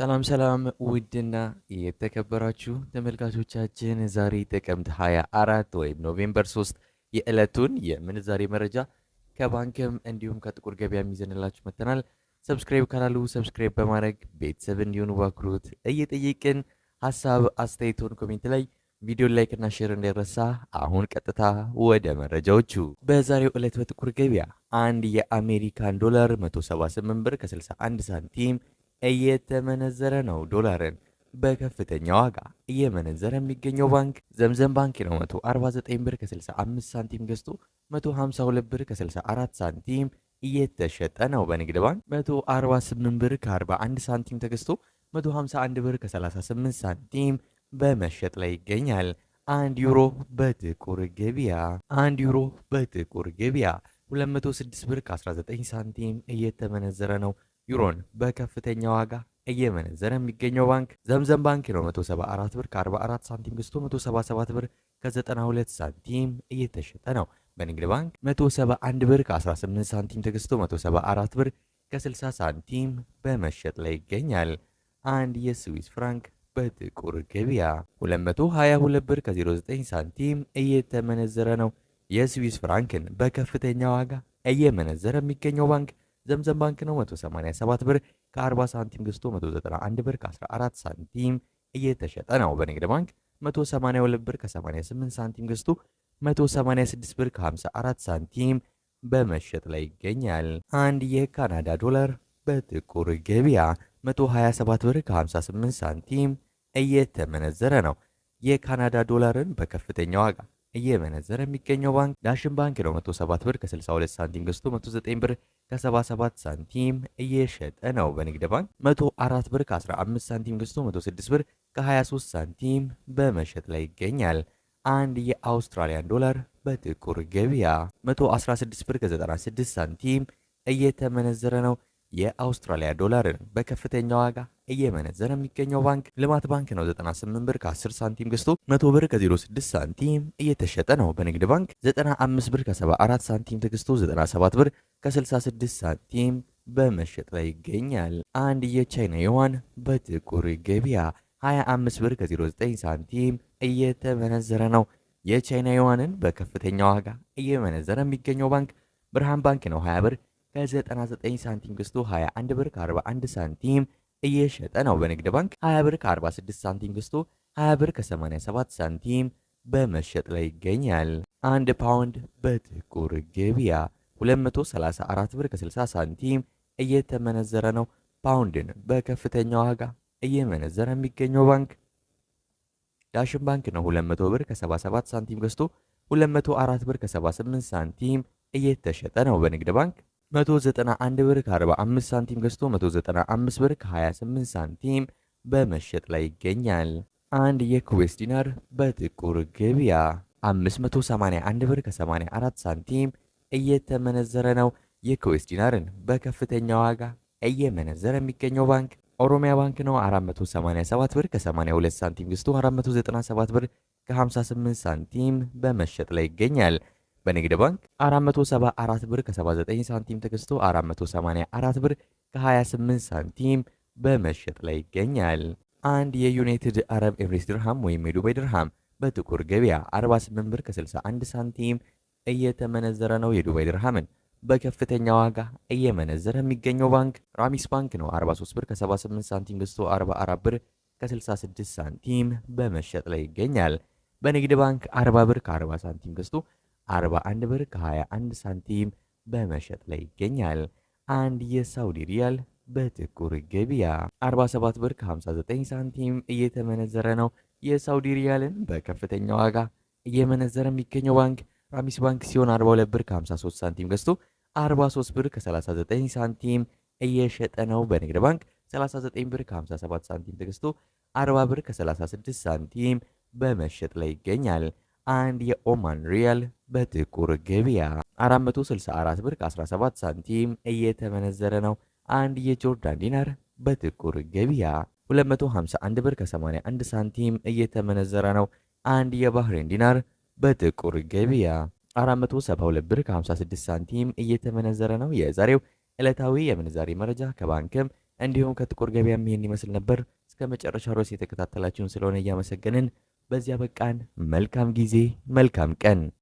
ሰላም ሰላም ውድና የተከበራችሁ ተመልካቾቻችን ዛሬ ጥቅምት 24 ወይም ኖቬምበር 3 የዕለቱን የምንዛሬ መረጃ ከባንክም እንዲሁም ከጥቁር ገበያ የሚዘንላችሁ መጥተናል። ሰብስክራይብ ካላሉ ሰብስክራይብ በማድረግ ቤተሰብ እንዲሆኑ በአክብሮት እየጠየቅን ሀሳብ አስተያየቶን ኮሜንት ላይ ቪዲዮ ላይክ እና ሼር እንዳይረሳ። አሁን ቀጥታ ወደ መረጃዎቹ። በዛሬው ዕለት በጥቁር ገበያ አንድ የአሜሪካን ዶላር 178 ብር ከ61 ሳንቲም እየተመነዘረ ነው። ዶላርን በከፍተኛ ዋጋ እየመነዘረ የሚገኘው ባንክ ዘምዘም ባንክ ነው። 149 ብር ከ65 ሳንቲም ገዝቶ 152 ብር ከ64 ሳንቲም እየተሸጠ ነው። በንግድ ባንክ 148 ብር ከ41 ሳንቲም ተገዝቶ 151 ብር ከ38 ሳንቲም በመሸጥ ላይ ይገኛል። አንድ ዩሮ በጥቁር ገቢያ አንድ ዩሮ በጥቁር ገቢያ 206 ብር ከ19 ሳንቲም እየተመነዘረ ነው። ዩሮን በከፍተኛ ዋጋ እየመነዘረ የሚገኘው ባንክ ዘምዘም ባንክ ነው። 174 ብር ከ44 ሳንቲም ገዝቶ 177 ብር ከ92 ሳንቲም እየተሸጠ ነው። በንግድ ባንክ 171 ብር ከ18 ሳንቲም ተገዝቶ 174 ብር ከ60 ሳንቲም በመሸጥ ላይ ይገኛል። አንድ የስዊስ ፍራንክ በጥቁር ገበያ 222 ብር ከ09 ሳንቲም እየተመነዘረ ነው። የስዊስ ፍራንክን በከፍተኛ ዋጋ እየመነዘረ የሚገኘው ባንክ ዘምዘም ባንክ ነው 187 ብር ከ40 ሳንቲም ገዝቶ 191 ብር ከ14 ሳንቲም እየተሸጠ ነው። በንግድ ባንክ 182 ብር ከ88 ሳንቲም ገዝቶ 186 ብር ከ54 ሳንቲም በመሸጥ ላይ ይገኛል። አንድ የካናዳ ዶላር በጥቁር ገበያ 127 ብር ከ58 ሳንቲም እየተመነዘረ ነው። የካናዳ ዶላርን በከፍተኛ ዋጋ እየመነዘረ የሚገኘው ባንክ ዳሽን ባንክ ነው 107 ብር ከ62 ሳንቲም ገዝቶ 109 ብር ከ77 ሳንቲም እየሸጠ ነው። በንግድ ባንክ 104 ብር ከ15 ሳንቲም ገዝቶ 106 ብር ከ23 ሳንቲም በመሸጥ ላይ ይገኛል። አንድ የአውስትራሊያን ዶላር በጥቁር ገበያ 116 ብር ከ96 ሳንቲም እየተመነዘረ ነው። የአውስትራሊያ ዶላርን በከፍተኛ ዋጋ እየመነዘረ የሚገኘው ባንክ ልማት ባንክ ነው። 98 ብር ከ10 ሳንቲም ገዝቶ 100 ብር ከ06 ሳንቲም እየተሸጠ ነው። በንግድ ባንክ 95 ብር ከ74 ሳንቲም ተገዝቶ 97 ብር ከ66 ሳንቲም በመሸጥ ላይ ይገኛል። አንድ የቻይና ዩዋን በጥቁር ገበያ 25 ብር ከ09 ሳንቲም እየተመነዘረ ነው። የቻይና ዩዋንን በከፍተኛ ዋጋ እየመነዘረ የሚገኘው ባንክ ብርሃን ባንክ ነው 20 ብር ከ99 ሳንቲም ገዝቶ 21 ብር ከ41 ሳንቲም እየሸጠ ነው። በንግድ ባንክ 20 ብር ከ46 ሳንቲም ገዝቶ 20 ብር ከ87 ሳንቲም በመሸጥ ላይ ይገኛል። አንድ ፓውንድ በጥቁር ገበያ 234 ብር ከ60 ሳንቲም እየተመነዘረ ነው። ፓውንድን በከፍተኛ ዋጋ እየመነዘረ የሚገኘው ባንክ ዳሽን ባንክ ነው። 200 ብር ከ77 ሳንቲም ገዝቶ 204 ብር ከ78 ሳንቲም እየተሸጠ ነው። በንግድ ባንክ 191 ብር ከ45 ሳንቲም ገዝቶ 195 ብር ከ28 ሳንቲም በመሸጥ ላይ ይገኛል። አንድ የኩዌስ ዲናር በጥቁር ገበያ 581 ብር ከ84 ሳንቲም እየተመነዘረ ነው። የኩዌስ ዲናርን በከፍተኛ ዋጋ እየመነዘረ የሚገኘው ባንክ ኦሮሚያ ባንክ ነው። 487 ብር ከ82 ሳንቲም ገዝቶ 497 ብር ከ58 ሳንቲም በመሸጥ ላይ ይገኛል። በንግድ ባንክ 474 ብር ከ79 ሳንቲም ተገዝቶ 484 ብር ከ28 ሳንቲም በመሸጥ ላይ ይገኛል። አንድ የዩናይትድ አረብ ኤምሬት ድርሃም ወይም የዱባይ ድርሃም በጥቁር ገበያ 48 ብር ከ61 ሳንቲም እየተመነዘረ ነው። የዱባይ ድርሃምን በከፍተኛ ዋጋ እየመነዘረ የሚገኘው ባንክ ራሚስ ባንክ ነው። 43 ብር ከ78 ሳንቲም ገዝቶ 44 ብር ከ66 ሳንቲም በመሸጥ ላይ ይገኛል። በንግድ ባንክ 40 ብር ከ40 ሳንቲም ገዝቶ 41 ብር ከ21 ሳንቲም በመሸጥ ላይ ይገኛል። አንድ የሳውዲ ሪያል በጥቁር ገበያ 47 ብር ከ59 ሳንቲም እየተመነዘረ ነው። የሳውዲ ሪያልን በከፍተኛ ዋጋ እየመነዘረ የሚገኘው ባንክ ራሚስ ባንክ ሲሆን 42 ብር ከ53 ሳንቲም ገዝቶ 43 ብር ከ39 ሳንቲም እየሸጠ ነው። በንግድ ባንክ 39 ብር ከ57 ሳንቲም ተገዝቶ 40 ብር ከ36 ሳንቲም በመሸጥ ላይ ይገኛል። አንድ የኦማን ሪያል በጥቁር ገበያ 464 ብር 17 ሳንቲም እየተመነዘረ ነው። አንድ የጆርዳን ዲናር በጥቁር ገበያ 251 ብር ከ81 ሳንቲም እየተመነዘረ ነው። አንድ የባህሬን ዲናር በጥቁር ገበያ 472 ብር ከ56 ሳንቲም እየተመነዘረ ነው። የዛሬው ዕለታዊ የምንዛሬ መረጃ ከባንክም እንዲሁም ከጥቁር ገበያም ይህን ይመስል ነበር። እስከ መጨረሻ ድረስ የተከታተላችሁን ስለሆነ እያመሰገንን በዚያ በቃን። መልካም ጊዜ፣ መልካም ቀን